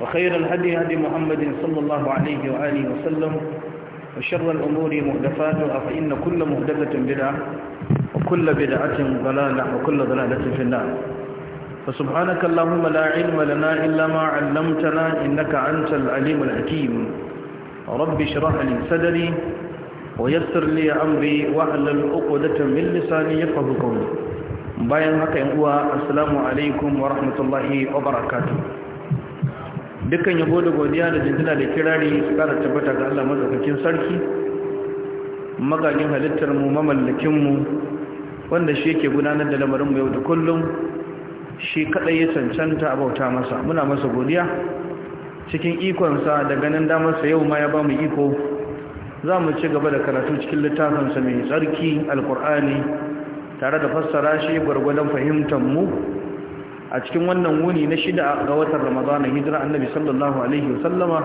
وخير الهدي هدي محمد صلى الله عليه وآله وسلم وشر الأمور مهدفاتها فإن كل مهدفة بدعة وكل بدعة ضلالة وكل ضلالة في النار فسبحانك اللهم لا علم لنا إلا ما علمتنا إنك أنت العليم الحكيم رب اشرح لي صدري ويسر لي أمري واحلل عقدة من لساني يفقه قولي bayan السلام عليكم ورحمة الله وبركاته dukkan yabo da godiya da jinjina da kirari su kara tabbata ga Allah madaukakin sarki Magajin halittar mu mamallakin mu wanda shi yake gudanar da lamarin mu yau da kullum shi kadai ya cancanta a bauta masa muna masa godiya cikin ikonsa da ganin damarsa yau ma ya bamu iko za mu ci gaba da karatu cikin littafin sa mai tsarki alkur'ani tare da fassara shi gwargwadon fahimtar mu a cikin wannan wuni na shida ga watan ramadana hijira annabi sallallahu alaihi wasallama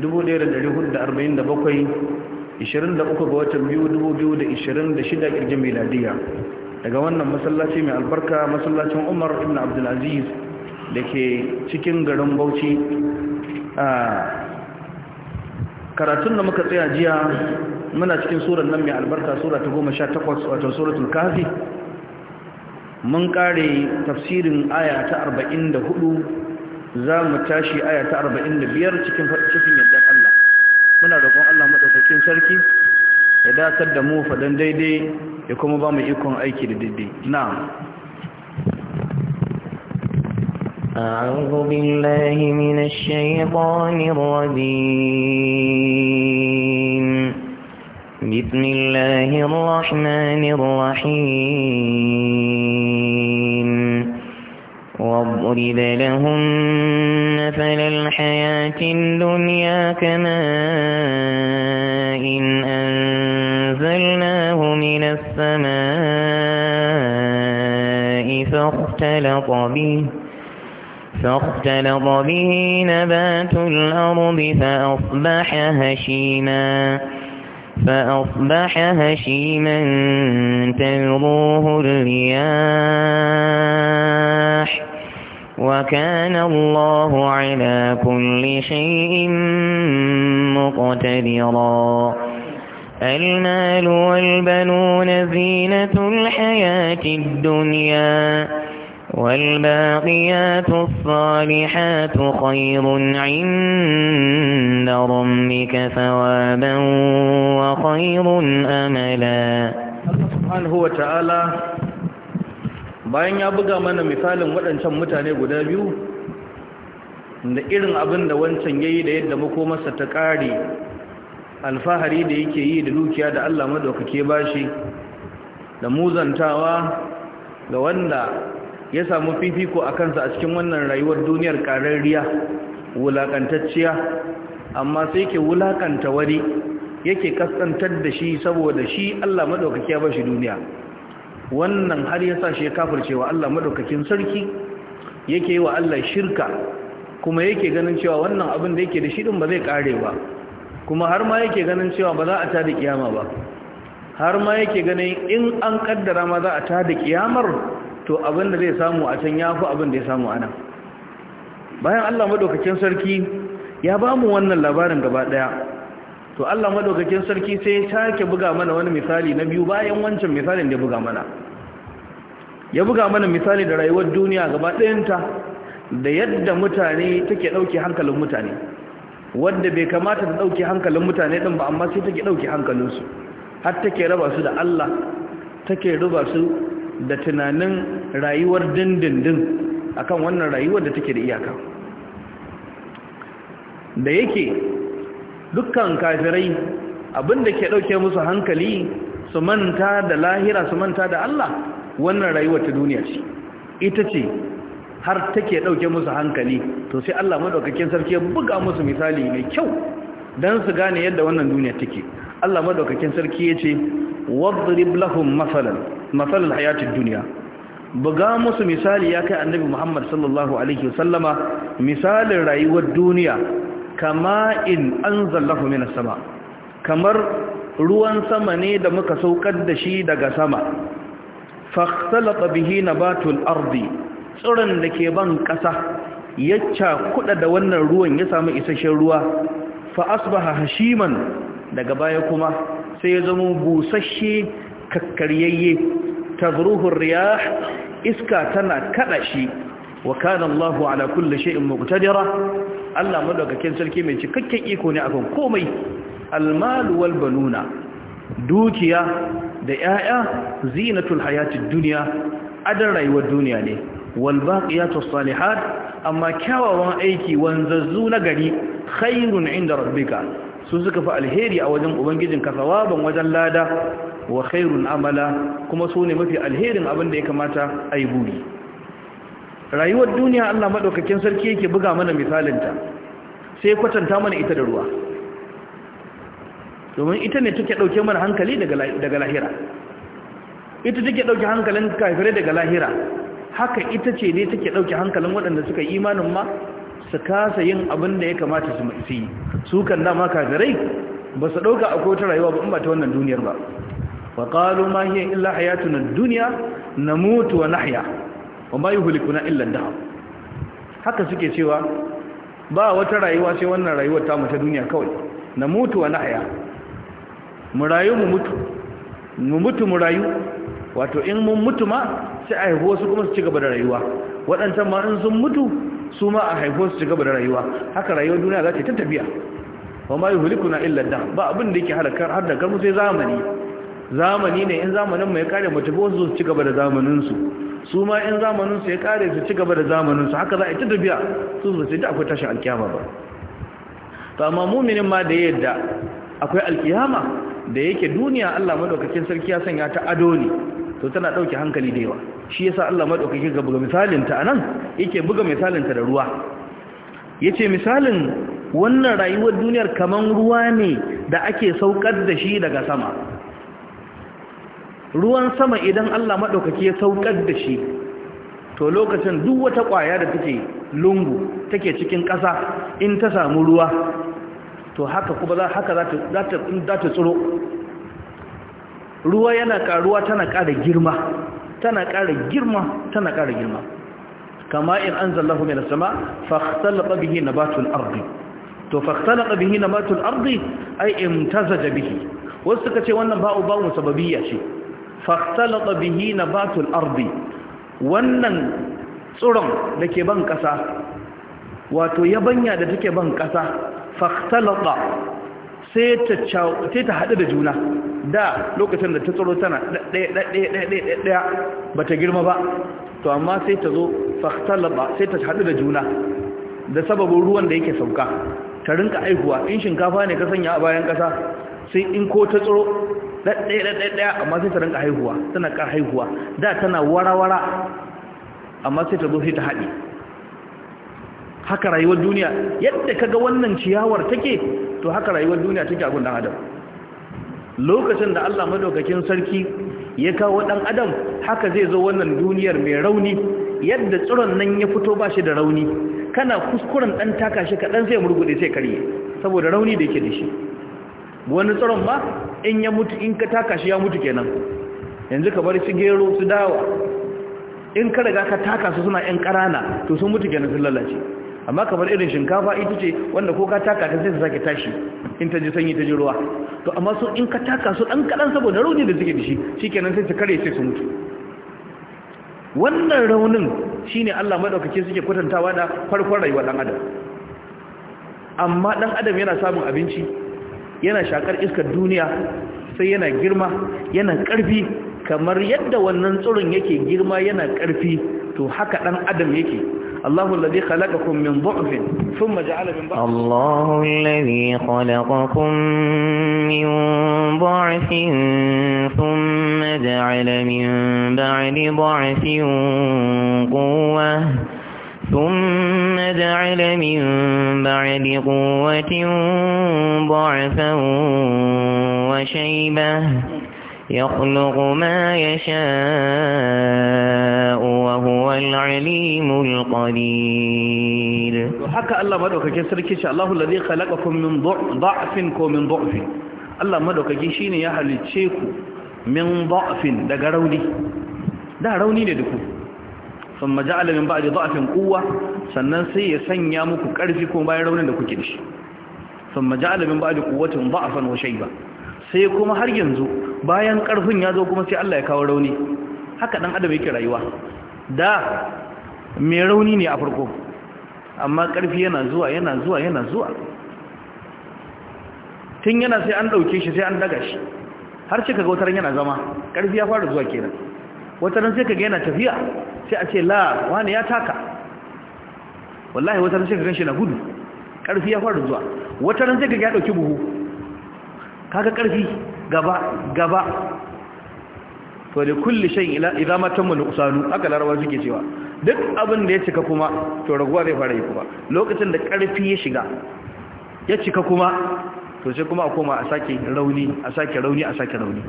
1447 23 ga watan biyu 2026 ƙirjin miladiya daga wannan masallaci mai albarka masallacin umar ibn abdulaziz da ke cikin garin bauchi a karatun da muka tsaya jiya muna cikin surar nan mai albarka sura ta goma sha takwas wato suratul kafi mun kare tafsirin aya ta 44 za mu tashi aya ta 45 cikin cikin yadda Allah muna roƙon Allah madaukakin sarki ya dakar da mu fadan daidai ya kuma ba mu ikon aiki da daidai na'am أعوذ بالله من الشيطان الرجيم بسم الله الرحمن الرحيم واضرب لهم مثل الحياة الدنيا كماء إن أنزلناه من السماء فاختلط به فاختلط به نبات الأرض فأصبح هشيماً فأصبح هشيما تذروه الرياح وكان الله على كل شيء مقتدرا المال والبنون زينة الحياة الدنيا والباقيات الصالحات خير عند ربك ثوابا وخير أملا سبحانه وتعالى باين يبقى من مثال وان شم متاني ان ارن ابن دوان سنجيد يد مكومة ستكاري الفهري دي كي يدلوك يا دعلا مدوك كيباشي لموزن تاوا لوان ya samu fifiko a kansa a cikin wannan rayuwar duniyar ƙararriya wulaƙantacciya amma sai ke wulaƙanta wani yake kaskantar da shi saboda shi Allah maɗaukaki ya bashi duniya wannan har ya sa shi ya kafircewa Allah maɗaukakin sarki yake yi wa Allah shirka kuma yake ganin cewa wannan abin da yake da shi ɗin ba zai ƙare ba kuma har ma yake ganin cewa ba za a tada kiyama ba har ma yake ganin in an ƙaddara ma za a tada kiyamar to abin da zai samu a can ya fi abin ya samu ana bayan Allah madaukakin sarki ya ba mu wannan labarin gaba daya to Allah madaukakin sarki sai ya take buga mana wani misali na biyu bayan wancan misalin da ya buga mana ya buga mana misali da rayuwar duniya gaba dayanta da yadda mutane take dauke hankalin mutane wadda bai kamata ta ɗauke hankalin mutane din ba amma sai take dauke hankalinsu har take raba su da Allah take raba su da tunanin rayuwar dindindin akan wannan rayuwar da take da iyaka da yake dukkan kafirai abinda ke dauke musu hankali su manta da lahira su manta da Allah wannan rayuwar ta duniya ce ita ce har take dauke musu hankali to sai Allah madaukakin sarki ya buga musu misali mai kyau dan su gane yadda wannan duniya take Allah madaukakin sarki yace wadrib lahum masalan masalar hayatun duniya buga musu misali ya kai annabi muhammad sallallahu alaihi wasallama misalin rayuwar duniya kama in an zallahu mina sama kamar ruwan sama ne da muka saukar da shi daga sama fakhtalata bihi batun ardi tsiron da ke ban ƙasa ya cakuɗa da wannan ruwan ya samu isasshen ruwa fa asbaha hashiman daga baya kuma sai ya zama busasshe kakkaryayye tazruhu riyah iska tana kadashi shi wa kana Allahu ala kulli shay'in muqtadira Allah madaukakin sarki mai cikakken iko ne akan komai almal wal banuna dukiya da yaya zinatul hayatid dunya adan rayuwar duniya ne wal baqiyatus salihat amma kyawawan aiki wanzazzu na gari khairun inda rabbika su suka fi alheri a wajen ubangijin ka sawaban wajen lada wa khairun amala kuma su ne mafi alherin abin da ya kamata a yi buri rayuwar duniya Allah madaukakin sarki yake buga mana misalinta sai kwatanta mana ita da ruwa domin ita ne take dauke mana hankali daga lahira ita take dauke hankalin kafirai daga lahira haka ita ce ne take ɗauke hankalin waɗanda suka yi imanin ma su kasa yin abin da ya kamata su yi su kan dama kafirai ba su ɗauka a kota rayuwa ba in ba ta wannan duniyar ba wa qalu ma hiya illa hayatuna duniya dunya namutu wa nahya wa ma yuhlikuna illa illan dahr haka suke cewa ba wata rayuwa sai wannan rayuwar ta mutu duniya kawai namutu wa nahya mu rayu mu mutu mu mutu mu rayu wato in mun mutu ma sai a haihuwa su kuma su ci gaba da rayuwa waɗancan ma in sun mutu su ma a haifo su gaba da rayuwa haka rayuwar duniya za ta ta tafiya wa ma yuhlikuna illa dam ba abin da yake halakar har da karmu sai zamani zamani ne in zamanin mai kare mu tafi wasu su ci gaba da zamanin su su ma in zamanin su ya kare su ci gaba da zamanin su haka za a ta tafiya su su sai da akwai tashin alkiyama ba to amma mu'minin ma da yadda akwai alkiyama da yake duniya Allah madaukakin sarki ya sanya ta ado ne to tana ɗauke hankali da yawa shi yasa Allah maɗaukaki ga buga misalinta ta anan yake buga misalinta da ruwa yace misalin wannan rayuwar duniyar kaman ruwa ne da ake saukar da shi daga sama ruwan sama idan Allah maɗaukaki ya saukar da shi to lokacin duk wata ƙwaya da take lungu take cikin ƙasa in ta samu ruwa to haka kuma haka za ta tsiro ruwa yana karuwa tana ƙara girma tana ƙara girma tana ƙara girma kama in anzalahu min sama fa ikhtalaqa bihi nabatul ardi to fa ikhtalaqa bihi nabatul ardi ay imtazaja bihi wasu suka ce wannan ba'u ba'u sababiyya ce fa ikhtalaqa bihi nabatul ardi wannan tsuron da ke ban ƙasa wato yabanya da take ban ƙasa fa ikhtalaqa sai ta haɗu da juna da lokacin da ta tsoro tana ɗaya ba ta girma ba to amma sai ta zo fahtalaba sai ta haɗu da juna da sababin ruwan da yake sauka ta rinka aihuwa in shinkafa ne ka sanya a bayan ƙasa sai in ko ta tsoro ɗaya amma sai ta rinka haihuwa tana ƙar haihuwa da tana warawara amma sai ta zo sai ta haɗi. haka rayuwar duniya yadda kaga wannan ciyawar take to haka rayuwar duniya take a gundan adam lokacin da Allah madaukakin sarki ya kawo dan adam haka zai zo wannan duniyar mai rauni yadda tsiron nan ya fito ba shi da rauni kana kuskuren dan taka shi kaɗan sai murgude sai karye saboda rauni da yake da shi wani tsiron ma in ya mutu in ka taka shi ya mutu kenan yanzu ka bar shi gero su dawa in ka riga ka taka su suna yan ƙarana to sun mutu kenan sun lalace amma kamar irin shinkafa ita ce wanda ko ka taka ta sai ta sake tashi in ta ji sanyi ta ji ruwa to amma su in ka taka su dan kadan saboda rauni da suke da shi shikenan sai su kare sai su mutu wannan raunin shine Allah madaukake suke kwatantawa da farkon rayuwar dan adam amma dan adam yana samun abinci yana shakar iskar duniya sai yana girma yana karfi kamar yadda wannan tsurun yake girma yana karfi to haka dan adam yake الله الذي خلقكم من ضعف ثم جعل من ضعف الله الذي خلقكم من ضعف ثم جعل من بعد ضعف قوة ثم جعل من بعد قوة ضعفا وشيبة يخلق ما يشاء وهو العليم القدير حكى الله مدوكاكي سركي الله الذي خلقكم من ضعف ومن ضعف الله مدوكاكي شيني يا حليتشيك من ضعف daga rauni da rauni ne duku sun maja'ala min ba'di da'fin quwwa sannan sai ya sanya muku karfi ko bayan raunin da kuke da shi sun maja'ala min sai kuma har yanzu bayan ƙarfin ya zo kuma sai Allah ya kawo rauni haka ɗan adam yake rayuwa da mai rauni ne a farko amma ƙarfi yana zuwa yana zuwa yana zuwa tun yana sai an ɗauke shi sai an daga shi har cika ga wataran yana zama ƙarfi ya fara zuwa kenan wataran sai ka ga yana tafiya sai a ce la wani ya taka wallahi wataran sai ka gan shi na gudu ƙarfi ya fara zuwa wataran sai ka ga ya ɗauki buhu kaga ƙarfi gaba gaba to da kulli shay idza matamma nuqsanu haka larawa suke cewa duk abin da ya cika kuma to raguwa zai fara yi kuma lokacin da karfi ya shiga ya cika kuma to sai kuma a koma a sake rauni a sake rauni a sake rauni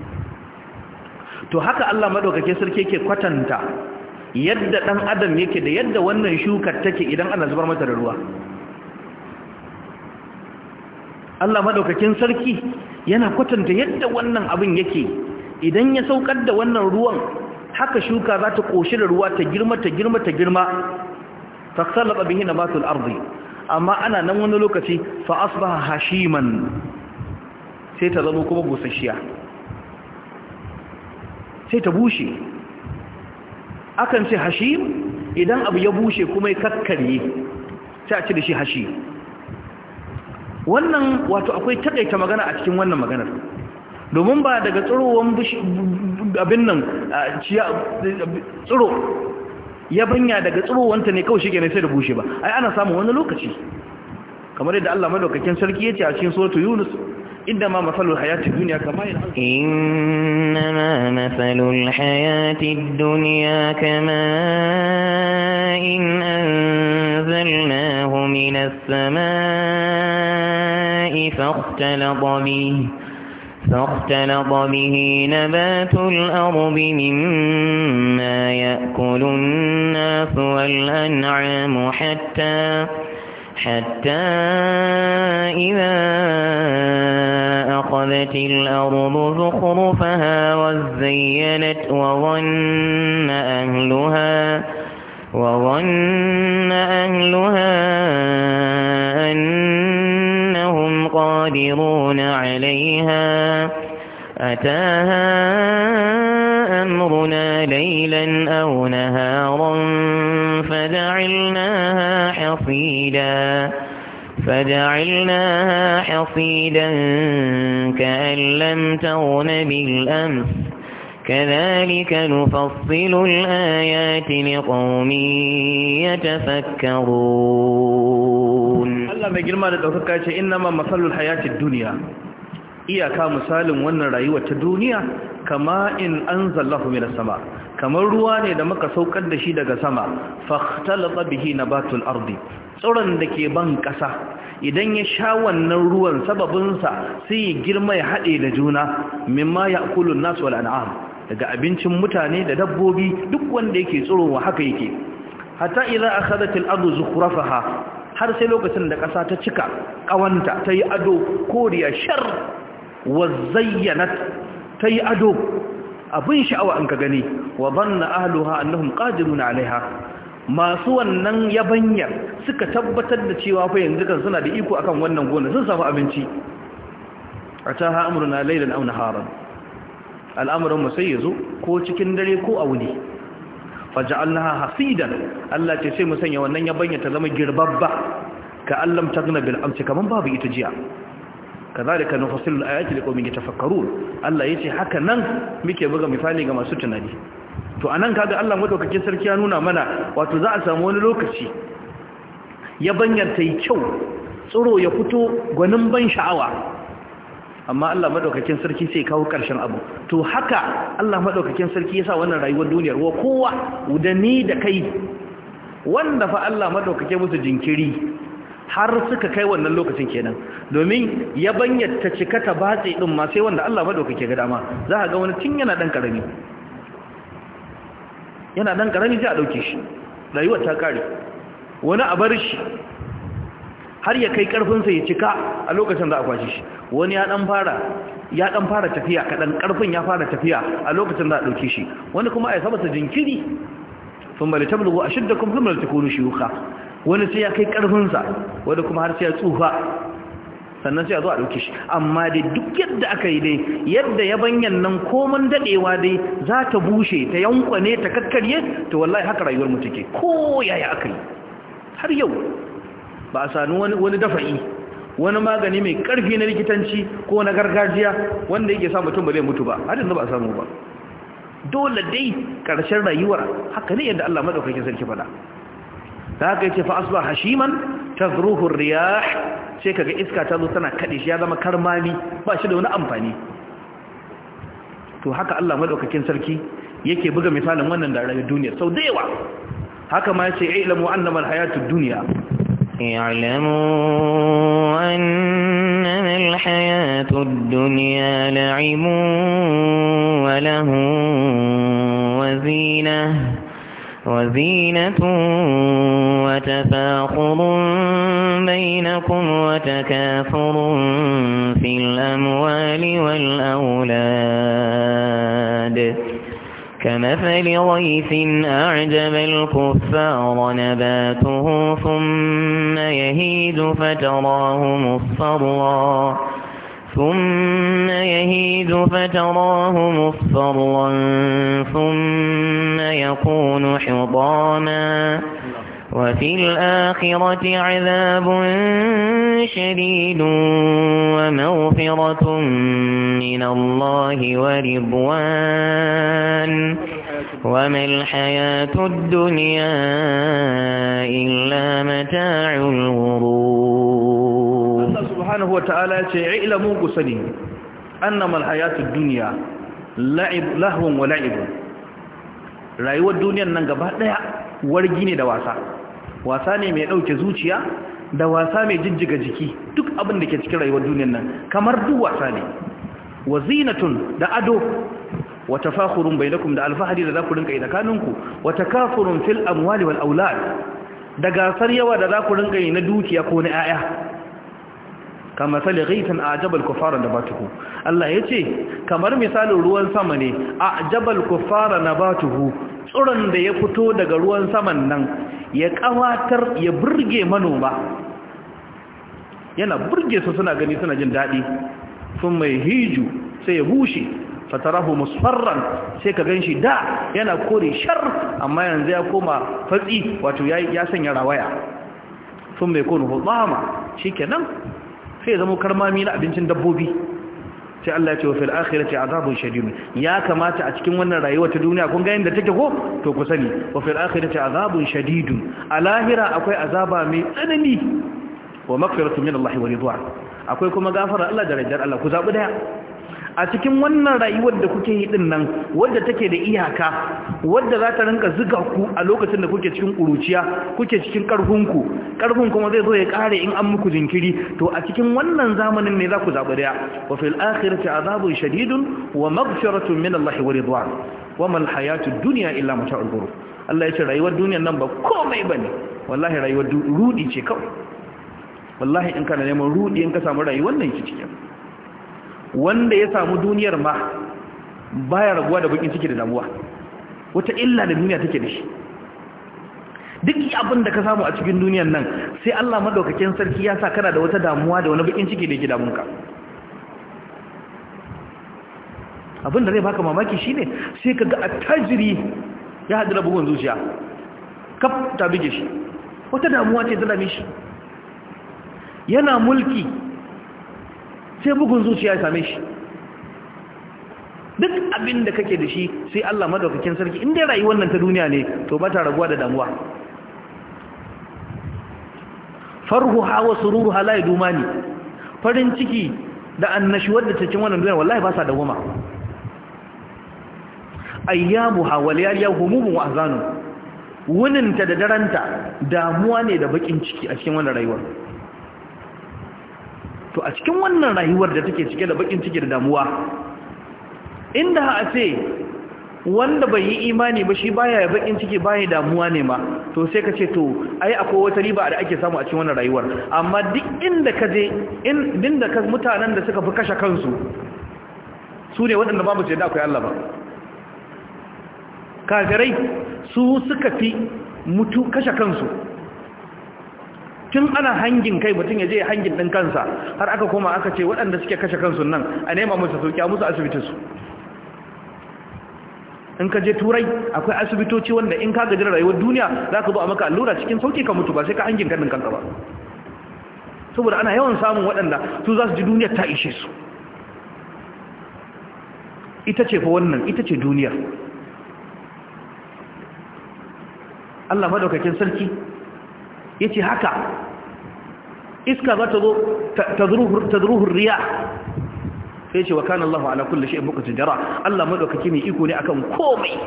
to haka Allah madaukake sarki yake kwatanta yadda dan adam yake da yadda wannan shukar take idan ana zubar mata da ruwa Allah madaukakin sarki yana kwatanta yadda wannan abin yake idan ya saukar da wannan ruwan haka shuka za ta koshi da ruwa ta girma ta girma ta girma ta tsallaba bihi matul arzi. amma ana nan wani lokaci fa asbaha hashiman sai ta zama kuma busasshiya sai ta bushe akan ce hashim idan abu ya bushe kuma ya kakkarye sai a ci da shi hashim wannan wato akwai takaita magana a cikin wannan maganar domin ba daga tsirowar abin nan tsiro ya banya daga tsirowanta ne kawai shige ne sai da bushe ba ai ana samun wani lokaci kamar yadda Allah madaukakin sarki ya ce a cikin suratul yunus إنما مثل الحياة الدنيا كما إنما مثل الحياة الدنيا كما إن أنزلناه من السماء فاختلط به فاختلط به نبات الأرض مما يأكل الناس والأنعام حتى حتى إذا أخذت الأرض زخرفها وزينت وظن أهلها وظن أهلها أنهم قادرون عليها أتاها فجعلناها حصيدا كأن لم تغن بالأمس كذلك نفصل الآيات لقوم يتفكرون الله مجل ما ردوك كاتش إنما مثل الحياة الدنيا إياكا مسالم ونرأي الدنيا kama in anzallahu minas sama kamar ruwa ne da muka saukar da shi daga sama fakhtalata bihi batun ardi tsoron da ke ban ƙasa, idan ya sha wannan ruwan sababinsa sai yi girma ya haɗe da juna mimma ya'kulun nas wal an'am daga abincin mutane da dabbobi duk wanda yake tsirowa haka yake Hata idza akhadat al-ardu zukhrafaha har sai lokacin da ƙasa ta cika ƙawanta ta yi ado koriya shar wa zayyanat ta yi ado abin sha'awa in ka gani wa zanna ahluha annahum qadirun alaiha masu wannan yabanyar suka tabbatar da cewa fa yanzu kan suna da iko akan wannan gona sun samu abinci ataha amruna laylan aw naharan al'amuran mu sai ko cikin dare ko a wuni faj'alnaha hasidan Allah ce sai mu sanya wannan yabanya ta zama girbabba ka allam tagna bil amsi kaman babu ita jiya kazalika nufassilul ayati liqaumin yatafakkarun Allah yace haka nan muke buga misali ga masu tunani to anan kaga Allah madaukakin sarki ya nuna mana wato za a samu wani lokaci ya ta yi kyau tsiro ya fito gwanin ban sha'awa amma Allah madaukakin sarki sai kawo karshen abu to haka Allah madaukakin sarki yasa wannan rayuwar duniyar wa kowa da ni da kai wanda fa Allah madaukake musu jinkiri har suka kai wannan lokacin kenan domin ya ta cika ta batse din ma sai wanda Allah madaukake ga dama za ka ga wani tun yana dan karami yana dan karami sai a dauke shi rayuwa ta kare wani a bar shi har ya kai sa ya cika a lokacin da a kwashe shi wani ya dan fara ya dan fara tafiya kadan karfin ya fara tafiya a lokacin da a dauke shi wani kuma ai sabata jinkiri sun bali tablugu ashiddakum thumma takunu shuyukha wani sai ya kai ƙarfinsa wani kuma har sai ya tsufa sannan sai a zo a ɗauki shi amma dai duk yadda aka yi dai yadda ya banyan nan koman daɗewa dai za ta bushe ta yankwane ta kakkarye to wallahi haka rayuwar mutu ke ko yaya aka yi har yau ba a sanu wani dafa'i wani magani mai ƙarfi na likitanci ko na gargajiya wanda yake sa mutum ba mutu ba har yanzu ba a samu ba dole dai ƙarshen rayuwar haka ne yadda Allah madaukakin sarki faɗa da haka yace fa asbaha hashiman tazruhu ar-riyah sai kaga iska ta zo tana kade shi ya zama karmami ba shi da wani amfani to haka Allah madaukakin sarki yake buga misalin wannan da rayuwar duniya sau da yawa haka ma yace ilmu annama al-hayatud dunya اعلموا أنما الحياة الدنيا لعب وله وزينه وزينة وتفاخر بينكم وتكاثر في الأموال والأولاد كمثل غيث أعجب الكفار نباته ثم يهيد فتراه مصفرا ثم يهيد فتراه مصفرا ثم يكون حطاما وفي الآخرة عذاب شديد ومغفرة من الله ورضوان وما الحياة الدنيا إلا متاع الغرور الله سبحانه وتعالى اعلموا قسني أنما الحياة الدنيا لعب لهم ولعب رأيوا الدنيا أنك wargi ورجيني دواسا wasa ne mai ɗauke zuciya da wasa mai jijjiga jiki duk abin da ke cikin rayuwar duniyar nan kamar duk wasa ne wa zinatun da ado wa tafakhurun bainakum da alfahari da zaku rinka yi tsakaninku wa takafurun fil amwali wal aulad da gasar yawa da zaku rinka yi na dukiya ko na 'ya'ya kama sali ghaitan ajabal kufara nabatuhu Allah yace kamar misalin ruwan sama ne ajabal kufara nabatuhu tsuran da ya fito daga ruwan saman nan ya kawatar ya burge manoma yana burge su suna gani suna jin daɗi sun mai hiju sai ya bushe fatarahu musfarran sai ka ganshi da yana kore shar amma yanzu ya koma fatsi wato ya sanya rawaya sun mai kone hulɓama shi kenan sai zama karmami na abincin dabbobi sai Allah ya ce wa fil akhirati azabun shadid ya kamata a cikin wannan rayuwa ta duniya kun ga yanda take ko to ku sani wa fil akhirati azabun shadid a lahira akwai azaba mai tsanani wa maghfiratu min Allah wa ridwan akwai kuma gafara Allah da rajar Allah ku zabi daya a cikin wannan rayuwar da kuke yi din nan wadda take da iyaka wadda za ta rinka zuga ku a lokacin da kuke cikin kuruciya kuke cikin karfinku karfin kuma zai zo ya kare in an muku jinkiri to a cikin wannan zamanin ne za ku zaɓi daya wa fil akhirati azabun shadidun wa maghfiratun min Allah wa ridwan wa mal hayatud dunya illa mata'ul ghurur Allah ya ce rayuwar duniyar nan ba komai bane wallahi rayuwar rudi ce kawai wallahi in kana neman rudi in ka samu rayuwar nan ki cikin wanda ya samu duniyar ma baya raguwa da bukin ciki da damuwa wata illa da duniya take da shi duk abin da ka samu a cikin duniyar nan sai Allah madaukakin sarki ya sa kana da wata damuwa da wani bukin ciki da yake damunka abin da zai baka mamaki shine sai kaga attajiri ya haɗu da bugun zuciya kaf ta bige shi wata damuwa ce ta dame shi yana mulki sai bugun zuciya ya same shi duk abin da kake da shi sai Allah madaukakin sarki in dai rayuwar nan ta duniya ne to ba ta raguwa da damuwa farhu hawa sururu ha la duma farin ciki da annashuwar da cikin wannan duniya wallahi ba sa goma ayyamu hawal ya humumun wa azanun wuninta da daranta damuwa ne da bakin ciki a cikin wannan rayuwar to a cikin wannan rayuwar da take cike da bakin ciki da damuwa inda a ce wanda bai yi imani ba shi baya bakin ciki baya damuwa ne ma to sai ka ce to ai akwai wata riba da ake samu a cikin wannan rayuwar amma duk inda ka je inda ka mutanen da suka fi kashe kansu su ne waɗanda babu ce da akwai Allah ba kafirai su suka fi mutu kashe kansu tun ana hangin kai mutum ya je hangin ɗin kansa har aka koma aka ce waɗanda suke kashe kansu nan a nema musu sauƙi a musu asibitinsu in ka je turai akwai asibitoci wanda in ka gajira rayuwar duniya za ka zo a maka allura cikin sauƙi ka mutu ba sai ka hangin kan kanka ba saboda ana yawan samun waɗanda su za su ji duniyar ta ishe su ita ce fa wannan ita ce duniyar Allah madaukakin sarki Ya ce haka iska za ta zo ta zuruhun riya sai ce wa kan Allah ala kulle shi'in muka jara Allah madaukaki mai iko ne akan komai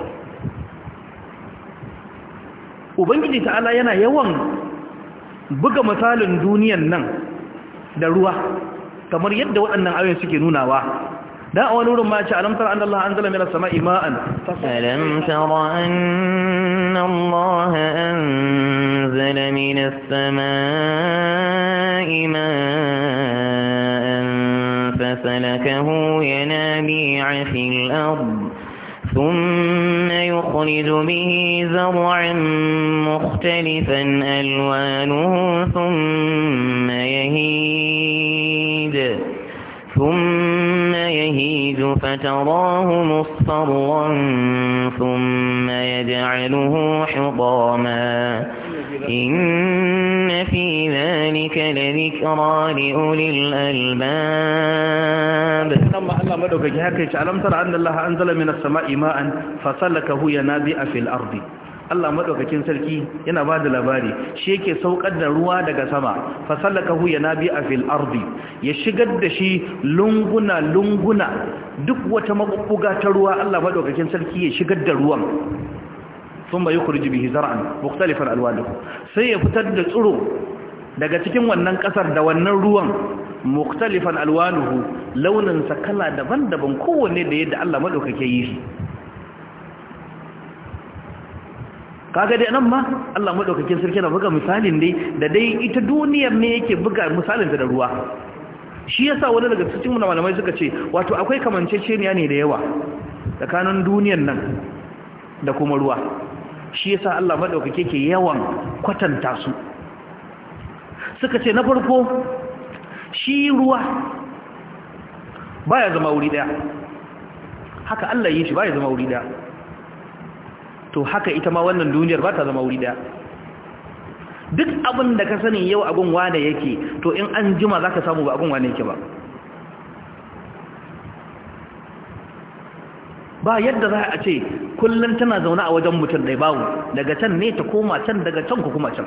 ubangiji ta'ala yana yawan buga misalin duniyan nan da ruwa kamar yadda waɗannan ayoyin suke nunawa da a wani wurin ma ce alamtar an Allah an zala mila sama'i ma'an alamtar an Allah an أنزل من السماء ماء فسلكه ينابيع في الأرض ثم يخرج به زرعا مختلفا ألوانه ثم يهيد ثم يهيد فتراه مصفرا ثم يجعله حطاما إن في ذلك لذكرى لأولي الألباب لما الله مدوك جهك ألم ترى أن الله أنزل من السماء ماء فسلكه ينابئ في الأرض Allah madaukakin sarki yana ba da labari shi yake saukar da ruwa daga sama fasallakahu yanabi a fil ardi ya shigar da shi lunguna lunguna duk wata mabubbuga ta ruwa Allah madaukakin sarki ya shigar da ruwan ثم يخرج به زرعا مختلفا الوانه sai ya fitar da tsiro daga cikin wannan kasar da wannan ruwan muktalifan alwanuhu launinsa kala daban-daban kowanne da yadda Allah madaukake yi shi kaga dai nan ma Allah madaukakin sarki na buga misalin dai da dai ita duniyar ne yake buga misalin da ruwa shi yasa wani daga cikin malamai suka ce wato akwai kamanceceniya ne da yawa tsakanin duniyar nan da kuma ruwa shi yasa Allah madaukake ke yawan kwatanta su suka ce na farko shi ruwa baya zama wuri daya haka Allah yi shi baya zama wuri daya to haka ita ma wannan duniyar ba ta zama wuri daya duk abin da ka sani yau agun wane yake to in an jima za ka samu ba agun wane yake ba ba yadda za a ce kullum tana zaune a wajen mutum ɗai bawu daga can ne ta koma can daga can ku kuma can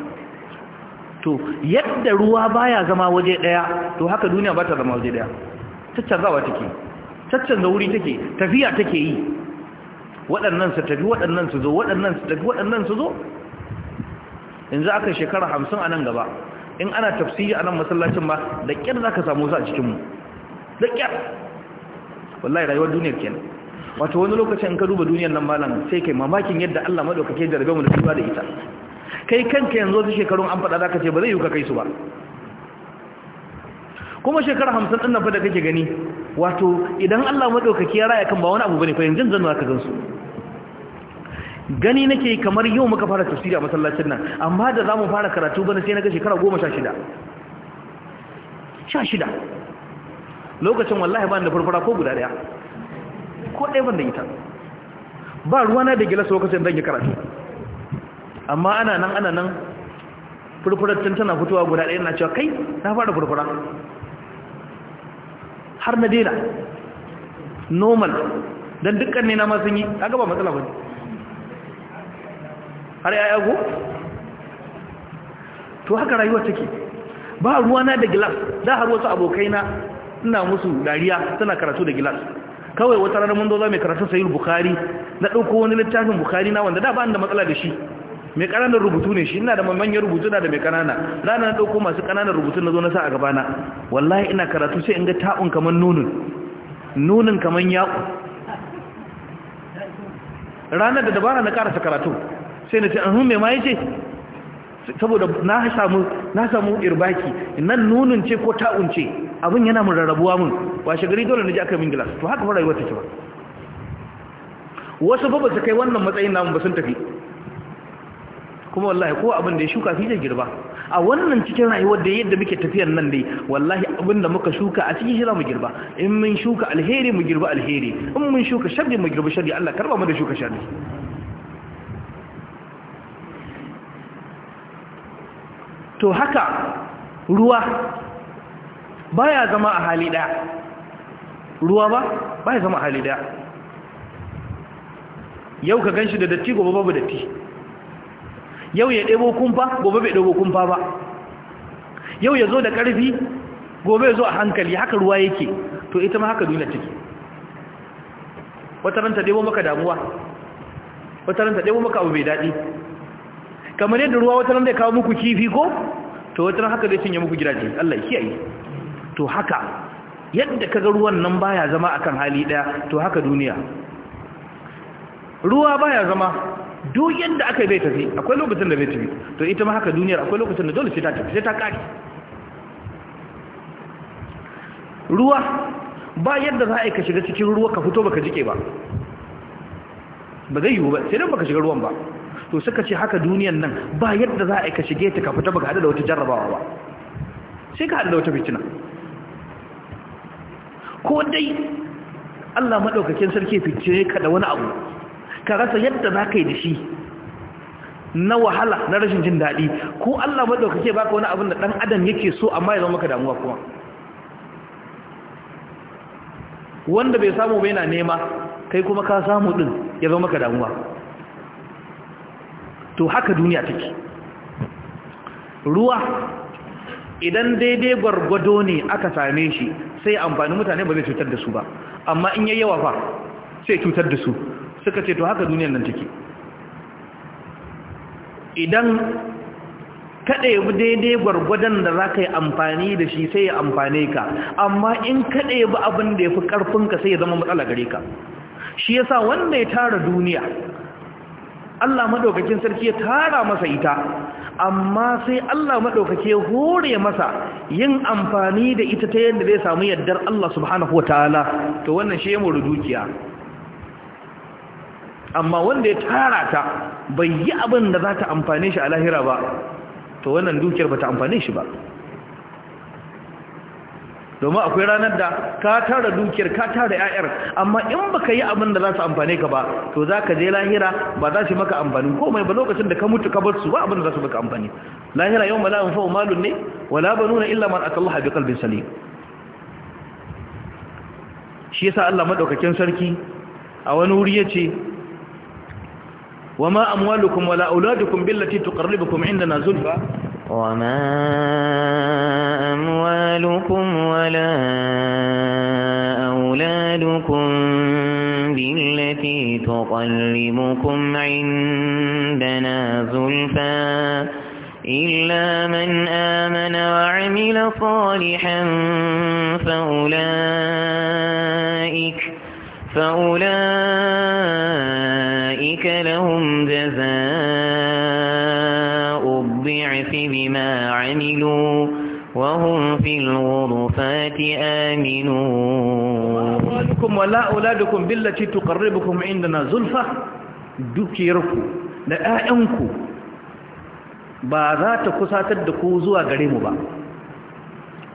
to yadda ruwa baya zama waje ɗaya to haka duniya ba ta zama waje ɗaya zawa take da wuri take tafiya take yi waɗannan su tafi waɗannan su zo waɗannan su tafi waɗannan su zo yanzu aka shekara hamsin a nan gaba in ana tafsiri a nan masallacin ba da ƙyar za ka samu su a cikinmu da ƙyar wallahi rayuwar duniyar kenan wato wani lokacin ka duba duniyar nan malam sai kai mamakin yadda Allah madaukake da rabe mu da duba da ita kai kanka yanzu wasu shekarun an fada zaka ce ba zai yi ka kai su ba kuma shekara hamsin din nan fa da kake gani wato idan Allah madaukake ya raya kan ba wani abu bane fa yanzu zan ka gansu gani nake kamar yau muka fara tafsiri a masallacin nan amma da zamu fara karatu bana sai na ga shekara 16 16 lokacin wallahi ba ni da farfara ko guda daya ko ɗaya ban da ita ba ruwa na da gilas lokacin don yi karatu amma ana nan ana nan furfurattun tana fitowa guda ɗaya na cewa kai na fara furfura har na daina normal don dukkan ne na masu yi a gaba matsala ba har yaya go? to haka rayuwa take ba ruwa na da gilas da har wasu abokaina ina musu dariya tana karatu da gilas kawai wata ranar mun zo za mai karatun sayil bukari na ɗauko wani littafin bukari na wanda da ba da matsala da shi mai ƙananan rubutu ne shi ina da manyan rubutu na da mai ƙanana ranar na ɗauko masu ƙananan rubutu na zo na sa a gabana wallahi ina karatu sai in ga ta'un kamar nunin nunin kamar yaƙu ranar da dabara na ƙarasa karatu sai na ce an hun mai ma ya ce saboda na samu na samu irbaki nan nunun ce ko ta'un ce abin yana mun rarrabuwa mun washe gari dole naji aka min gilas to haka fara rayuwar ce ba wasu ba ba su kai wannan matsayin namu ba sun tafi kuma wallahi ko abin da ya shuka fi zai girba a wannan cikin rayuwar da yadda muke tafiyar nan dai wallahi abin da muka shuka a cikin shira mu girba in mun shuka alheri mu girba alheri in mun shuka sharri mu girba sharri Allah karba mu da shuka sharri to haka ruwa baya zama a hali ɗaya ruwa ba baya zama a hali ɗaya yau ka gan shi da datti gobe babu datti yau ya ɗebo kumfa gobe bai ɗebo kumfa ba yau ya zo da ƙarfi gobe ya zo a hankali haka ruwa yake to ita ma haka duniya ciki wata ranta ɗebo maka damuwa wata ranta ɗebo maka abu bai daɗi kamar yadda ruwa wata nan zai kawo muku kifi ko to wata nan haka zai cinye muku gidaje Allah ya yi. to haka yadda kaga ruwan nan baya zama akan hali daya to haka duniya ruwa baya zama duk yadda aka bai tafi akwai lokacin da bai tafi to ita ma haka duniyar akwai lokacin da dole sai ta tafi sai ta kare ruwa ba yadda za a yi ka shiga cikin ruwa ka fito baka jike ba ba zai yiwu ba sai dan baka shiga ruwan ba to suka ce haka duniyan nan ba yadda za a ka shige ta ka fita baka hada da wata jarrabawa ba sai ka hada da wata fitina ko dai Allah madaukakin sarki fice ka da wani abu ka rasa yadda za ka yi da shi na wahala na rashin jin daɗi ko Allah maɗaukake baka wani abin da ɗan adam yake so amma ya zama maka damuwa kuma wanda bai samu bai na nema kai kuma ka samu ɗin ya zama maka damuwa to haka duniya take ruwa idan daidai gwargwado ne aka same shi sai amfani mutane ba zai cutar da su ba amma in yayi yawa fa sai cutar da su suka ce to haka duniyar nan take idan kada yabi daidai gwargwadon da za ka yi amfani da shi sai ya amfane ka amma in kada yabi abin da ya fi ƙarfinka sai ya zama matsala gare ka shi yasa wanda ya tara duniya Allah madaukakin sarki ya tara masa ita amma sai Allah madaukake ya hore masa yin amfani da ita ta yadda zai samu yaddar Allah subhanahu wataala to wannan shi ya dukiya amma wanda ya tara ta bai yi abin da za ta amfane shi a lahira ba to wannan dukiyar ba ta amfane shi ba domin akwai ranar da ka tara dukiyar ka tara ƴaƴar amma in baka yi abin da za su amfane ka ba to za ka je lahira ba za su maka amfani komai ba lokacin da ka mutu ka bar su ba abin da za su maka amfani lahira yau mala'in fa'u malun ne wala ba nuna illa man atallaha bi kalbin sali. shi yasa Allah madaukakin sarki a wani wuri ya ce. yace wama amwalukum wala auladukum billati tuqarribukum indana zulfa وما أموالكم ولا أولادكم بالتي تقلبكم عندنا زلفا إلا من آمن وعمل صالحا فأولئك فأولئك لهم جزاء الضعف بما عملوا وهم في الغرفات آمنون أموالكم ولا أولادكم بالتي تقربكم عندنا زلفة دكيركم لآئنكم ba za ta kusatar da ku zuwa gare mu ba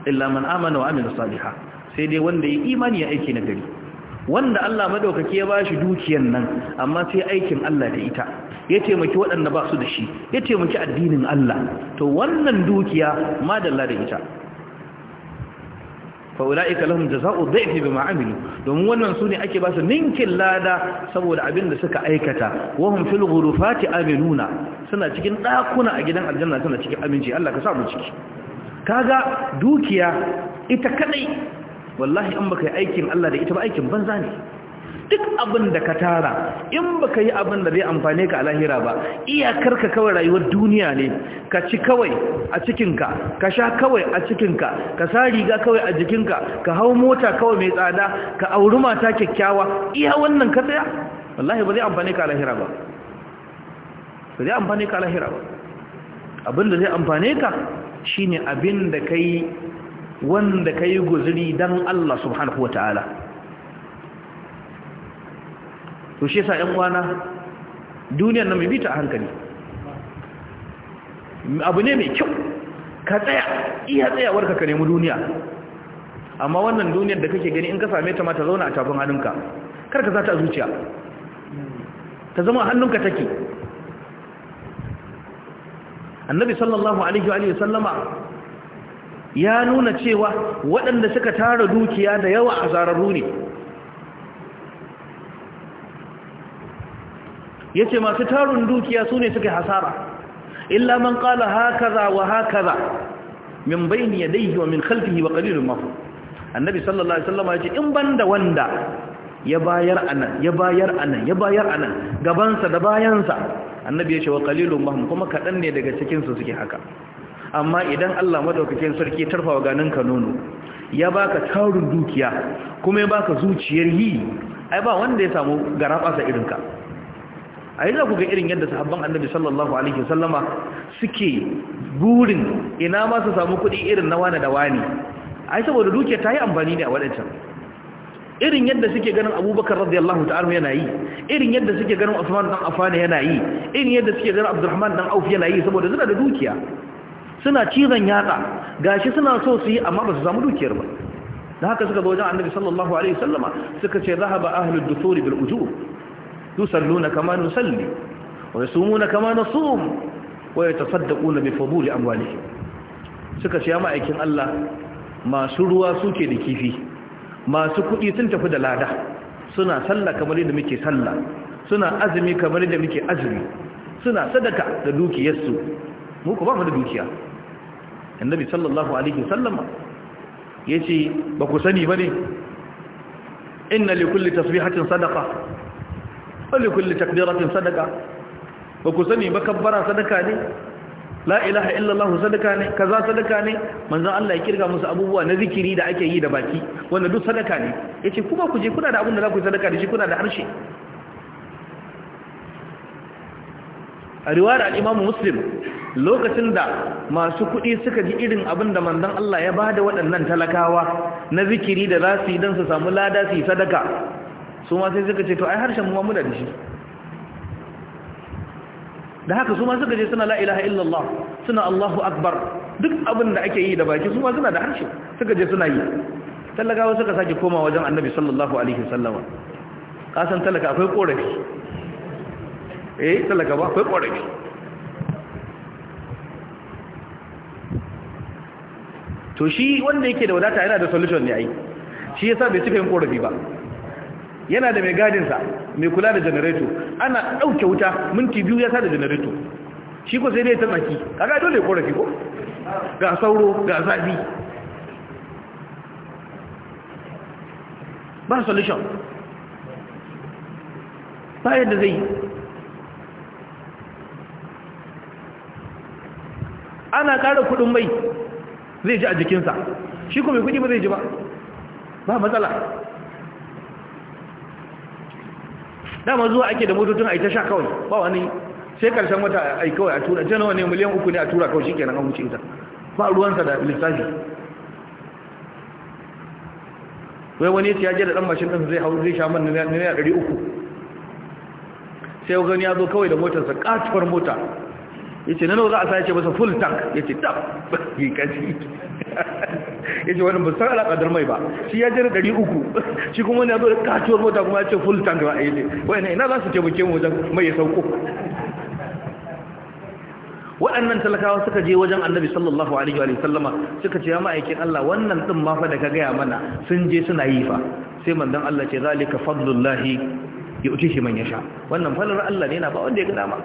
illa man amana wa sai dai wanda ya imani ya aiki na gari wanda Allah madaukake ya bashi dukiyar nan amma sai aikin Allah da ita ya taimaki waɗanda ba su da shi ya taimaki addinin Allah to wannan dukiya madalla da ita fa ulaika lahum jazaa'u dha'fi bima amilu domin wannan sune ake ba su ninkin lada saboda abin da suka aikata wa hum fil ghurufati aminuna suna cikin dakuna a gidan aljanna suna cikin aminci Allah ka sa mu ciki kaga dukiya ita kadai wallahi in baka yi aikin Allah da ita ba aikin banza ne duk abin da ka tara in ba ka yi abin da zai amfane ka a lahira ba iyakar ka kawai rayuwar duniya ne ka ci kawai a cikinka ka sha kawai a cikinka ka sa riga kawai a jikinka ka hau mota kawai mai tsada ka auri mata kyakkyawa iya wannan ka tsaya wallahi ba zai amfane ka a lahira ba ba zai amfane ka a lahira ba abin da zai amfane ka shine abin da kai wanda kai guzuri dan Allah subhanahu wataala to shi yasa ƴan uwana duniyar nan mai bita a hankali abu ne mai kyau ka tsaya iya tsayawar ka nemi duniya amma wannan duniyar da kake gani in ka same ta ma ta zauna a tafin hannunka kar ka za ta zuciya ta zama hannunka take annabi sallallahu alaihi wa sallama ya nuna cewa waɗanda suka tara dukiya da yawa a zararru ne yace masu tarun dukiya sune suka hasara illa man qala hakaza wa hakaza min bayni yadayhi wa min khalfihi wa qalilun ma annabi sallallahu alaihi wasallam yace in banda wanda ya bayar anan ya bayar anan ya bayar anan gabansa da bayansa annabi yace wa qalilun ma kuma kadan ne daga cikin su suke haka amma idan Allah madaukakin sarki tarfawa ganin ka nono ya baka tarin dukiya kuma ya baka zuciyar yi ai ba wanda ya samu garabasa irin ka a yi za ku ga irin yadda sahabban annabi sallallahu alaihi wasallama suke burin ina ma su samu kuɗi irin na wani da wani ai saboda dukiya ta yi amfani ne a waɗancan irin yadda suke ganin abubakar radiyallahu ta'ala yana yi irin yadda suke ganin usman dan Afana yana yi irin yadda suke ganin abdurrahman dan auf yana yi saboda suna da dukiya suna cizon yatsa gashi suna so su yi amma ba su samu dukiyar ba da haka suka zo wajen annabi sallallahu alaihi wasallama suka ce zahaba ahlud dusuri bil ujur yusalluna kama nusalli wa yasumuna kama nasum wa yatasaddaquna bi fuduli amwalihim suka ce ma aikin Allah masu ruwa suke da kifi masu kuɗi sun tafi da lada suna sallah kamar yadda muke sallah suna azumi kamar yadda muke azumi suna sadaka da dukiyarsu mu ku ba mu da dukiya annabi sallallahu alaihi wasallam yace ba ku sani bane inna likulli kulli tasbihatin sadaqa wani kulli takbiratin sadaka ba ku sani ba kabbara sadaka ne la ilaha illallah sadaka ne kaza sadaka ne manzon Allah ya kirga musu abubuwa na zikiri da ake yi da baki wanda duk sadaka ne yace kuma ku je kuna da abin da za ku yi sadaka da shi kuna da harshe a riwayar al-Imam Muslim lokacin da masu kuɗi suka ji irin abin da manzon Allah ya bada waɗannan talakawa na zikiri da za su yi dan su samu lada su yi sadaka su ma sai suka ce to ai harshen mu mu da shi da haka su ma suka ce suna la ilaha illallah suna Allahu akbar duk abin da ake yi da baki su ma suna da harshe suka je suna yi talakawa suka sake koma wajen annabi sallallahu alaihi wasallama kasan talaka akwai korafi eh talaka ba akwai korafi to shi wanda yake da wadata yana da solution ne ai shi yasa bai cika yin korafi ba yana da mai gadinsa mai kula da janareto ana ɗauke wuta minti biyu ya sa da janareto shi ko sai dai ta tsaki kaga dole ya korafi ko ga sauro ga zafi ba solution ba yadda zai ana ƙara kudin mai zai ji a jikinsa shi ko mai kudi ba zai ji ba ba matsala dama zuwa ake da motocin a ita sha kawai ba wani sai karshen wata a kawai a tura jana nawa ne miliyan uku ne a tura kawai shikenan an wuce ita ba ruwansa da lissafi wai wani ya je da dan mashin ɗansa zai hau zai sha man naira 300 sai wani ya zo kawai da motarsa katuwar mota yace na nawa za a sace masa full tank yace tab yi kaci yace wannan ba san alaƙadar mai ba shi ya jira 300 shi kuma ne ya zo da kaciwar mota kuma yace full tank ba yace wai ina za su taimake mu wajen mai ya sauko waɗannan talakawa suka je wajen annabi sallallahu alaihi wa sallama suka ce ya ma'aikin Allah wannan din ma fa da ka gaya mana sun je suna yi fa sai manzon Allah ce zalika fadlullahi shi man yasha wannan fadlar Allah ne na ba wanda ya ga dama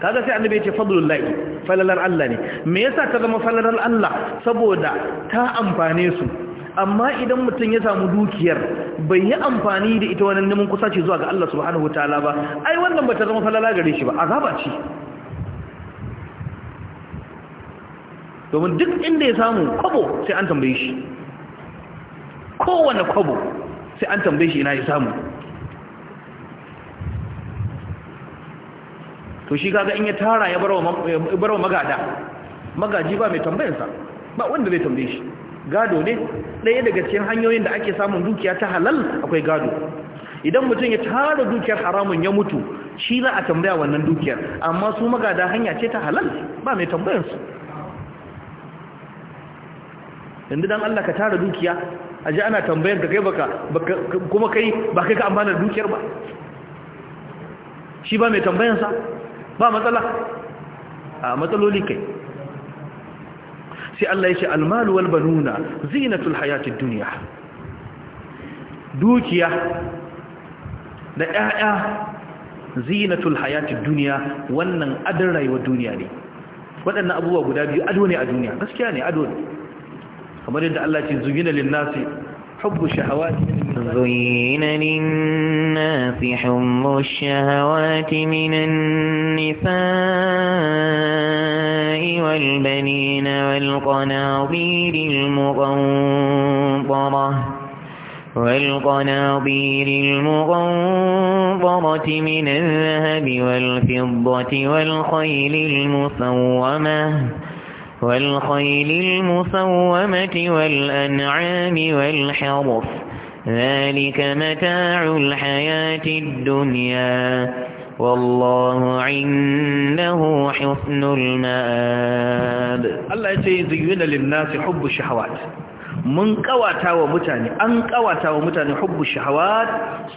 kaga sai annabi yace ce fadlullahi falalar Allah ne me yasa ka zama falalar Allah saboda ta amfane su amma idan mutum ya samu dukiyar bai yi amfani da ita wani neman kusa ce zuwa ga Allah subhanahu wataala ba ai wannan bata zama falala gare shi ba azaba ce domin duk inda ya samu kwabo sai an tambaye shi kowane kwabo sai an tambaye shi ina ya samu to shi ga in ya tara ya wa magada magaji ba mai tambayinsa ba wanda zai tambaye shi gado ne ɗaya daga cikin hanyoyin da ake samun dukiya ta halal akwai gado idan mutum ya tara dukiyar haramun ya mutu shi za a tambaya wannan dukiyar amma su magada hanya ce ta halal ba mai tambayansu. yanzu don Allah ka tara dukiya a ji ana tambayar ka kai baka kuma kai ba kai ka amfanar da dukiyar ba shi ba mai tambayansa. ba matsala a matsaloli kai sai Allah ya ce almalu wal banuna zinatul hayatid dunya dukiya da ƴaƴa zinatul hayatid dunya wannan adon rayuwar duniya ne waɗannan abubuwa guda biyu ado ne a duniya gaskiya ne ado ne kamar yadda Allah ya ce zuyina lin nasi hubbu shahawati min زين للناس حم الشهوات من النساء والبنين والقناطير المقنطرة والقناطير المغنطرة من الذهب والفضة والخيل المسومة والخيل المسومة والأنعام والحرف ذلك متاع الحياة الدنيا والله عنده حسن المآب الله يتزين للناس حب الشهوات من قواتا ومتاني أن قواتا ومتاني حب الشهوات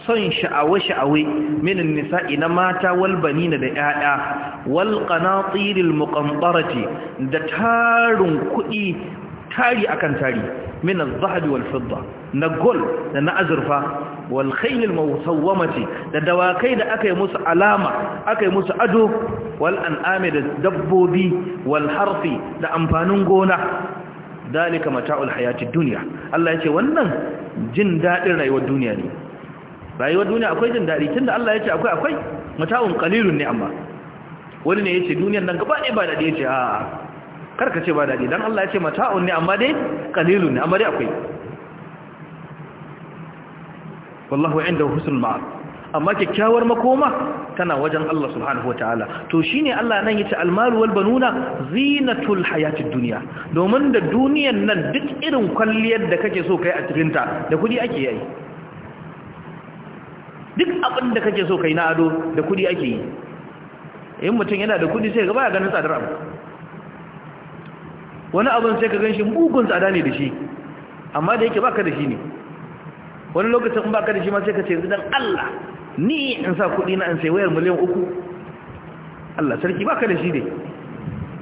صن شعوي شعوي من النساء نماتا والبنين لآآ والقناطير المقنطرة دتار كئي تاري أكن تاري من الظهد والفضة na gol da na azurfa wal khaylil musawwamati da dawakai da aka yi musu alama aka yi musu ado wal an'ami da dabbobi wal harfi da amfanin gona dalika mata'ul hayati dunya Allah yace wannan jin dadin rayuwar duniya ne rayuwar duniya akwai jin dadi tunda Allah yace akwai akwai mata'un qalilun ne amma wani ne yace duniyar nan gaba ne ba dadi yace a karka ce ba dadi dan Allah yace mata'un ne amma dai qalilun ne amma dai akwai wallahu inda husnul ma'ab amma kyakkyawar makoma tana wajen Allah subhanahu wataala to shine Allah nan yace almalu wal banuna zinatul hayatid dunya domin da duniyan nan duk irin kwalliyar da kake so kai a cikin ta da kudi ake yi duk abin da kake so kai na ado da kudi ake yi in mutum yana da kudi sai ga baya ganin tsadar abu wani abin sai ka gan shi mugun tsada ne da shi amma da yake baka da shi ne wani lokacin in baka da shi ma sai ka ce dan Allah ni in sa kuɗi na in sai wayar miliyan uku Allah sarki baka da shi ne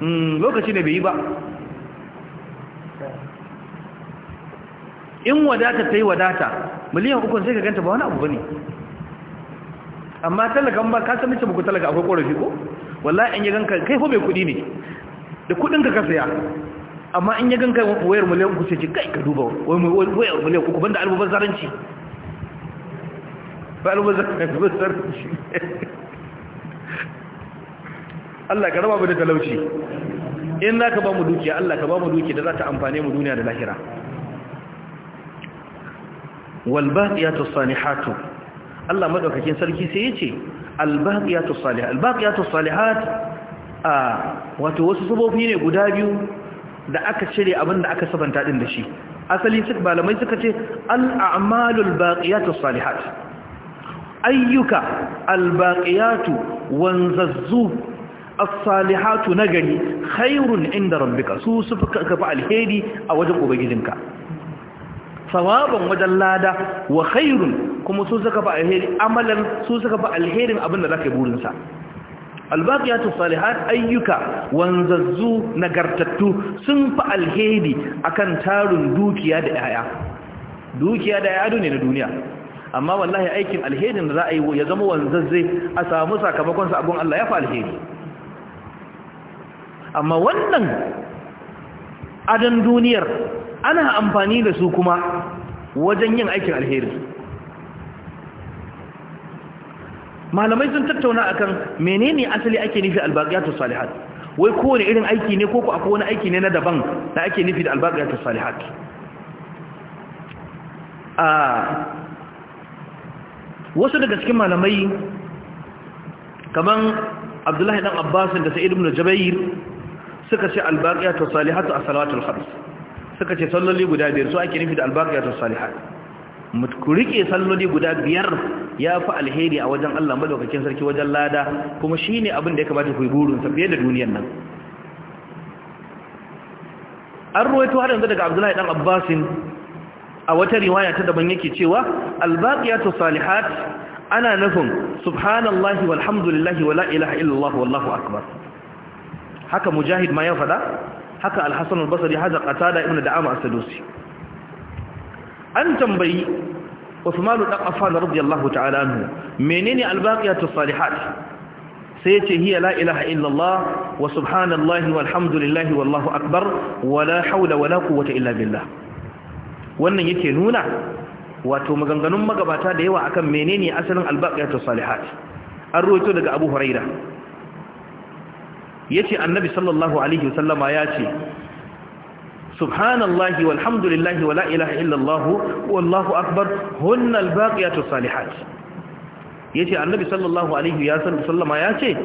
hmm, lokaci ne bai yi ba in wadata ta yi wadata miliyan uku sai ka ganta ba wani abu ba ne amma talaka ba ka sami muku talaka akwai ƙorafi ko wallahi in yi ganka kai fa mai kuɗi ne da kuɗinka ka saya amma in ya ganka wayar miliyan uku sai ce kai ka duba wayar miliyan uku banda almubazzaranci ba almubazzaranci Allah ka raba mu da talauci in za ka ba mu dukiya Allah ka ba mu dukiya da za ta amfane mu duniya da lahira walbaqiyatu salihatu Allah madaukakin sarki sai yace albaqiyatu salihat albaqiyatu salihat a wato wasu sabofi ne guda biyu da aka cire abin da aka sabanta din da shi asali su malamai suka ce al'amalul baqiyatus salihat ayyuka albaqiyatu wanzazzu as-salihatu nagari khairun inda rabbika su su kafa alheri a wajen ubangijinka sawaban wajen lada wa khairun kuma su suka fa alheri amalan su suka fa alherin abin da zaka yi burinsa albaqiyatu salihat ayyuka wanzazzu nagartattu sun fa alheri akan tarun dukiya da yaya dukiya da yaya ne na duniya amma wallahi aikin alherin da za a yi ya zama wanzazze a samu sakamakon sabon Allah ya fa alheri amma wannan adan duniyar ana amfani da su kuma wajen yin aikin alheri malamai sun tattauna akan menene asali ake nufi albaqiyatus salihat wai kowane irin aiki ne ko ko akwai wani aiki ne na daban da ake nufi da albaqiyatus salihat a wasu daga cikin malamai kaman Abdullahi dan Abbas da Sa'id ibn Jubair suka ce albaqiyatus salihat as-salawatul khams suka ce sallalli guda biyar so ake nufi da albaqiyatus salihat ku rike salloli guda biyar ya fi alheri a wajen Allah madaukakin sarki wajen lada kuma shi ne abin da ya kamata ku yi burinsa fiye da duniyan nan an ruwaito har yanzu daga abdullahi dan abbasin a wata riwaya ta daban yake cewa albaqiyatu salihat ana nufin subhanallahi walhamdulillahi wala ilaha illallah wallahu akbar haka mujahid ma ya fada haka alhasan albasri haka qatada ibnu da'ama as-sadusi an tambayi Uthman dan Affan radiyallahu ta'ala anhu menene albaqiyatus salihat sai yace hiya la ilaha illallah wa subhanallahi walhamdulillahi wallahu akbar wala hawla wala quwwata illa billah wannan yake nuna wato maganganun magabata da yawa akan menene asalin albaqiyatus salihat an ruwaito daga Abu Hurairah yace annabi sallallahu alaihi wasallama yace subhanallahi walhamdulillahi wala ilaha illallah wallahu akbar hunnal baqiyatu salihat yace annabi sallallahu alaihi ya sallama yace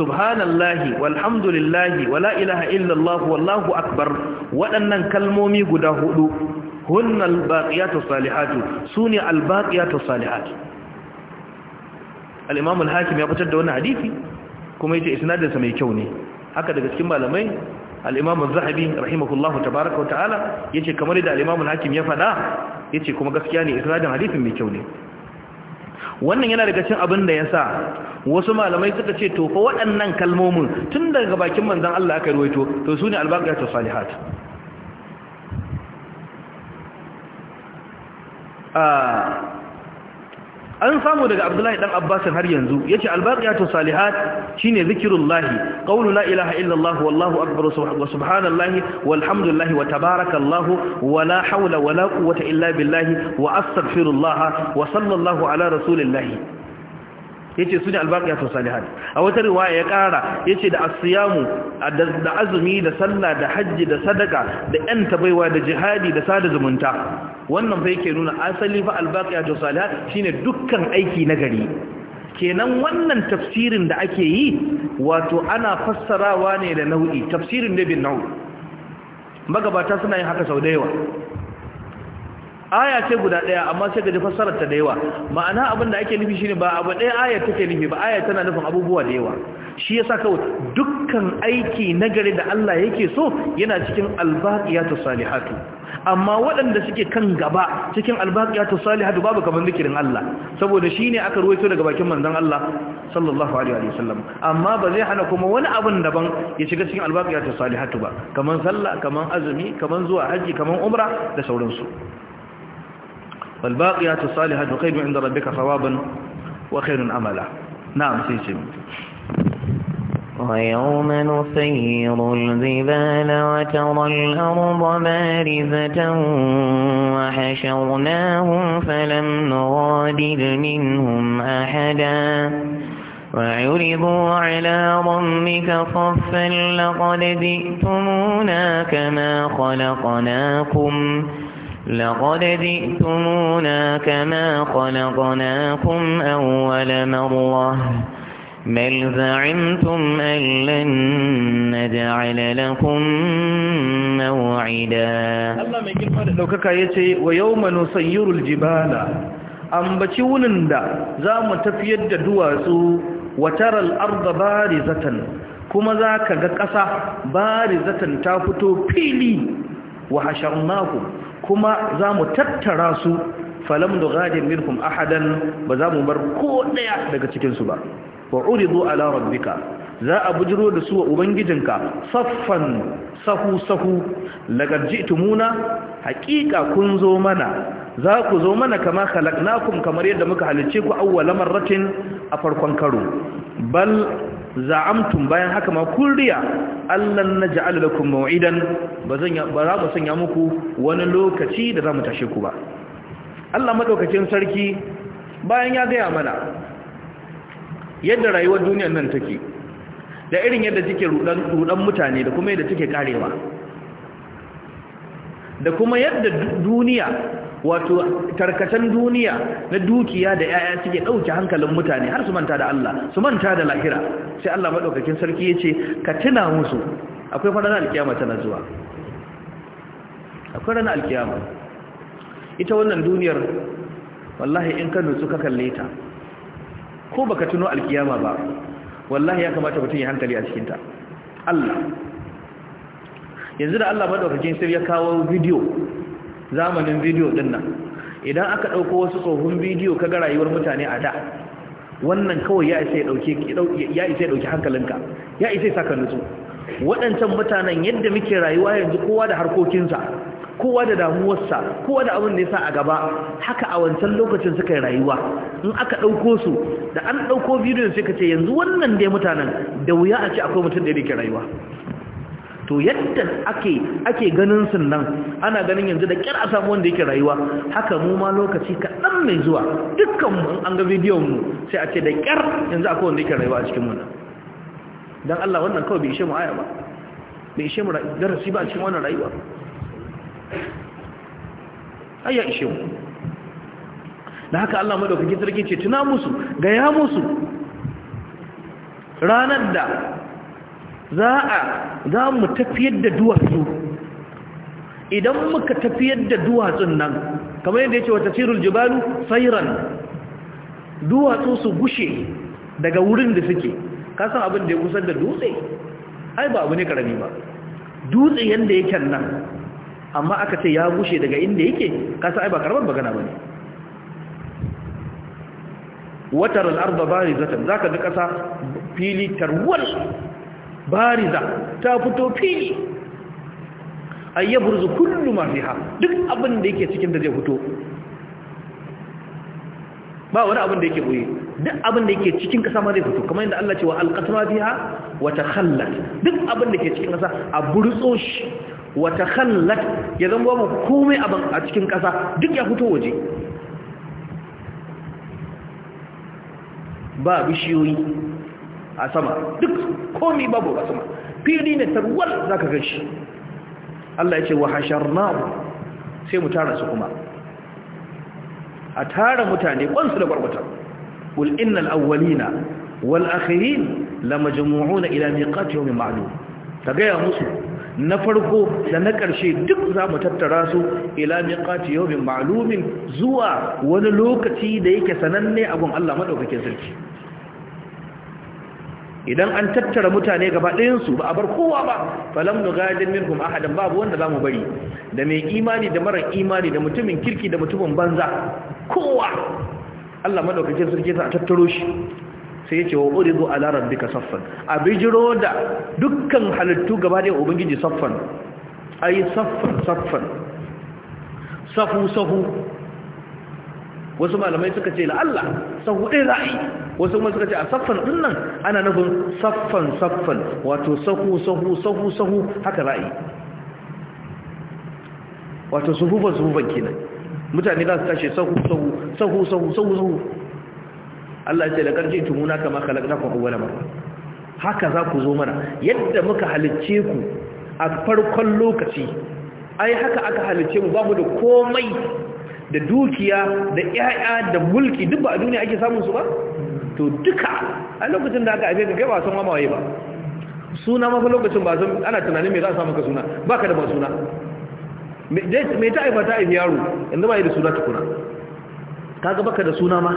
subhanallahi walhamdulillahi wala ilaha illallah wallahu akbar waɗannan kalmomi guda hudu hunnal baqiyatu salihatu sune albaqiyatu baqiyatu salihatu al-imam al-hakim ya fitar da wannan hadisi kuma yace isnadinsa mai kyau ne haka daga cikin malamai al zahabi rahimahullahu tabaraka wa ta'ala yace kamar da al-imam ya faɗa yace kuma gaskiya ne isnadin hadisi mai kyau ne wannan yana daga cin abin da ya sa wasu malamai suka ce to fa waɗannan kalmomin tun daga bakin manzan Allah aka ruwaito to su ne albaqatu salihat ah, an samu daga abdullahi dan abbasin har yanzu ya ce albaqiyatu salihat shine zikirullahi qawlu la ilaha illallah wallahu akbar wa subhanallahi walhamdulillahi wa tabarakallahu wa la hawla wa la quwwata illa billahi wa astaghfirullah wa sallallahu ala rasulillahi yace su ne albaqiyatu salihat a wata riwaya ya kara yace da asiyamu da azumi da sallah da hajji da sadaka da yan tabaiwa da jihadi da sada zumunta wannan fa yake nuna asali fa albaqiyatu salihat shine dukkan aiki nagari kenan wannan tafsirin da ake yi wato ana fassarawa ne da nau'i tafsirin da bin nau'i magabata suna yin haka sau da yawa aya ce guda ɗaya amma sai ga fassarar ta da yawa ma'ana abin da ake nufi shine ba abu ɗaya aya take nufi ba aya tana nufin abubuwa da yawa shi yasa kawai dukkan aiki nagari da Allah yake so yana cikin albaqiyatu salihatu amma waɗanda suke kan gaba cikin albaqiyatu salihatu babu kamar zikirin Allah saboda shine aka ruwaito daga bakin manzon Allah sallallahu alaihi wa sallam amma ba zai hana kuma wani abin daban ya shiga cikin albaqiyatu salihatu ba kaman sallah kaman azumi kaman zuwa haji kaman umra da sauransu والباقيات الصالحات خير عند ربك ثوابا وخير أملا نعم سيسم ويوم نسير الجبال وترى الأرض بارزة وحشرناهم فلم نغادر منهم أحدا وعرضوا على ربك صفا لقد جئتمونا كما خلقناكم لقد جئتمونا كما خلقناكم أول مرة بل زعمتم أن لن نجعل لكم موعدا ويوم نسير الجبال أم بچون دا زام تفيد دواسو وترى الأرض بارزة كما ذاك قصة بارزة تافتو بيلي وحشرناكم kuma za mu tattara su falam da gadin minhum ahadan ba za mu bar ko ɗaya daga cikinsu ba wa uridu ala rabbika za a bujiro da su wa ubangijinka saffan sahu sahu laqad tumuna. Haƙiƙa kun zo mana za ku zo mana kama khalaqnakum kamar yadda muka halarci ku awwala marratin a farkon karo bal za'amtum bayan haka ma kun riya allan naj'al lakum maw'idan bazan ba za mu sanya muku wani lokaci da zamu mu tashe ku ba Allah madaukakin sarki bayan ya gaya mana yadda rayuwar duniyar nan take da irin yadda take rudan mutane da kuma yadda take karewa da kuma yadda duniya wato tarkacen duniya na dukiya da yaya suke dauke hankalin mutane har su manta da Allah su manta da lahira sai Allah madaukakin sarki yace ka tuna musu akwai fara na alkiyama tana zuwa akwai ranar alkiyama ita wannan duniyar wallahi in ka nutsu ka kalle ta ko baka tuno alkiyama ba wallahi ya kamata mutum ya hankali a cikin ta Allah yanzu da Allah madaukakin sarki ya kawo bidiyo zamanin bidiyo din nan idan aka dauko wasu tsohon bidiyo ka ga rayuwar mutane a da wannan kawai ya isa ya dauke hankalinka ya isa ya saka nutsu waɗancan mutanen yadda muke rayuwa yanzu kowa da harkokinsa kowa da damuwarsa kowa da abin da ya a gaba haka a wancan lokacin suka yi rayuwa in aka dauko su da an dauko bidiyon sai ka ce yanzu wannan dai mutanen da wuya a ce akwai mutum da yake rayuwa to yadda ake ake ganin sun nan ana ganin yanzu da kira a samu wanda yake rayuwa haka mu ma lokaci kaɗan mai zuwa dukkan mu an ga bidiyon mu sai a ce da kyar yanzu akwai wanda yake rayuwa a cikin mu dan Allah wannan kawai bai ishe mu aya ba bai ishe mu darasi ba a cikin wannan rayuwa ai ya ishe mu da haka Allah madaukakin sarki ce tuna musu ga ya musu ranar da za a za mu tafiyar da duwatsu idan muka tafiyar da duwatsun nan kamar yadda ya ce wata cirul jibalu sairan duwatsu su gushe daga wurin da suke kasan abin da ya kusan da dutse ai ba abu ne karami ba dutse yadda yake nan amma aka ce ya gushe daga inda yake kasan ai ba karamar magana ba ne watar al'arba bari zaton za ka ji kasa fili tarwal bariza ta fito fili ayyaburzu kullu ma fiha duk abin da yake cikin da zai fito ba wani abin da yake boye duk abin da yake cikin kasa ma zai fito kamar yadda Allah ce wa alqatma fiha wa takhallat duk abin da ke cikin kasa a burtso shi wa takhallat ya zama mu komai abin a cikin kasa duk ya fito waje ba bishiyoyi a sama duk komi babu a sama fili ne tarwal za ka gan shi Allah ya ce wa hasharna sai mu tara su kuma a tara mutane kwansu da barbata qul innal awwalina wal akhirin lamajmu'una ila miqati yawmin ma'lum ka gaya musu na farko da na ƙarshe duk za mu tattara su ila miqati yawmin ma'lumin zuwa wani lokaci da yake sananne a gun Allah madaukakin sarki idan an tattara mutane gaba ɗayansu ba a bar kowa ba falam nu gadin minhum ahadan babu wanda za mu bari da mai imani da mara imani da mutumin kirki da mutumin banza kowa Allah madaukakin sarki sa a tattaro shi sai yace wa uridu ala rabbika saffan a bijiro da dukkan halittu gaba ɗaya ubangiji saffan ai saffan saffan safu safu wasu malamai suka ce la'alla sahu hudu ra'ayi wasu kuma suka ce a saffan dinnan ana nufin saffan saffan wato sahu sahu sahu sahu haka ra'ayi wato suhufan suhufan kenan mutane za su tashi sahu sahu sahu sahu sahu sahu Allah ya ce da ƙarfi tumuna kama khalaqnakum awwala marra haka za ku zo mana yadda muka halicce ku a farkon lokaci ai haka aka halicce mu babu da komai da dukiya da 'ya'ya, da mulki duk ba a duniya ake samun su ba to duka a lokacin da aka aibe ka kai ba san mamaye ba suna ma fa lokacin ba san ana tunanin me za a samu ka suna baka da ba suna me ta aiba ta aibi yaro yanzu ba da suna tukuna kaga baka da suna ma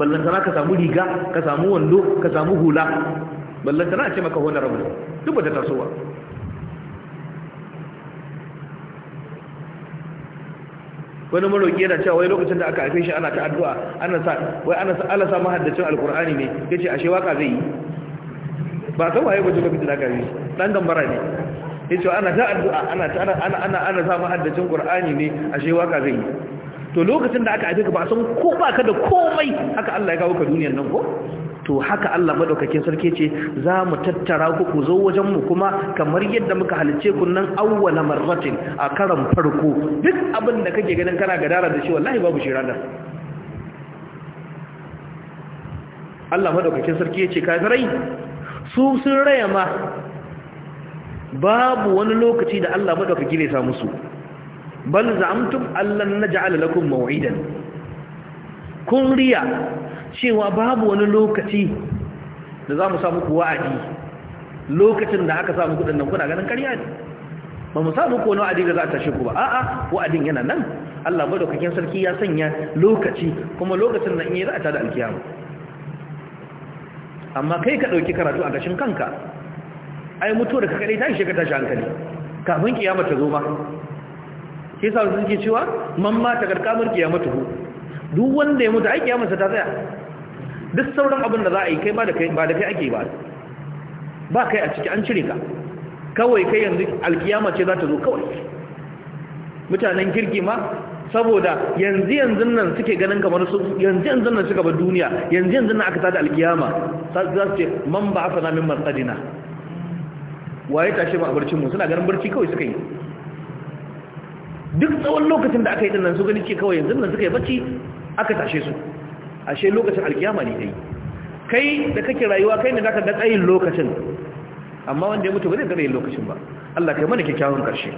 sana ka samu riga ka samu wando ka samu hula sana a ce maka honorable duk ba ta tasowa wani maroki yana cewa wai lokacin da aka haife shi ana ta addu'a ana sa wai ana sa Allah sa mahaddacin alqur'ani ne yace ashe waka zai yi ba san waye waje lokacin da aka haife dan gambara ne yace ana ta addu'a ana ta ana ana ana sa mahaddacin qur'ani ne ashe waka zai yi to lokacin da aka haife ka ba san ko ba ka da komai haka Allah ya kawo ka duniyar nan ko to haka Allah madaukakin sarki ce za mu tattara ku ku zo wajen mu kuma kamar yadda muka halice ku nan awwala marratin a karan farko duk abin da kake ganin kana gadara da shi wallahi babu shi ranar Allah madaukakin sarki ce ka kafirai su sun raya ma babu wani lokaci da Allah madaukaki ne sa musu bal za'amtum allan naj'al lakum maw'idan kun riya cewa babu wani lokaci da za mu samu ku wa'adi lokacin da aka samu kudin nan kuna ganin ƙarya ne ba mu samu ko wa'adi da za ta ku ba a'a wa'adin yana nan Allah madaukakin sarki ya sanya lokaci kuma lokacin nan in yi za a tada alkiyama amma kai ka ɗauki karatu a gashin kanka ai mutu da ka ta shi ka tashi hankali kafin kiyama ta zo ma ke sa sun ke cewa man ta karkamar kiyama ta duk wanda ya mutu ai kiyamarsa ta tsaya duk sauran abin da za a yi kai ba da kai ake ba ba kai a ciki an cire ka kawai kai yanzu alkiyama ce za ta zo kawai mutanen kirki ma saboda yanzu yanzu nan suke ganin kamar su yanzu yanzu nan suka ba duniya yanzu yanzu nan aka tada alkiyama za su ce man ba asana min matsadina waye tashi mu a barcin mu suna ganin barci kawai suka yi duk tsawon lokacin da aka yi dinnan su gani ce kawai yanzu nan suka yi bacci aka tashe su ashe lokacin alkiyama ne dai kai da kake rayuwa kai ne zaka ga tsayin lokacin amma wanda ya mutu ba zai ga tsayin lokacin ba Allah kai mana kyakkyawan karshe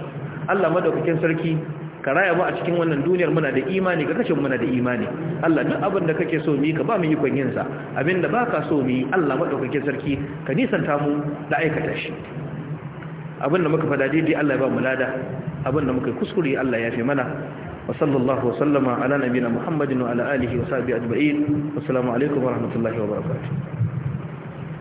Allah madaukakin sarki ka raya mu a cikin wannan duniyar muna da imani ga kashin muna da imani Allah duk abin da kake so mu ka ba mu yi yin sa abin da baka so mu yi Allah madaukakin sarki ka nisanta mu da aikata shi abin da muka fada daidai Allah ya ba mu lada abin da muka kuskure Allah ya fi mana وصلى الله وسلم على نبينا محمد وعلى آله وصحبه أجمعين والسلام عليكم ورحمة الله وبركاته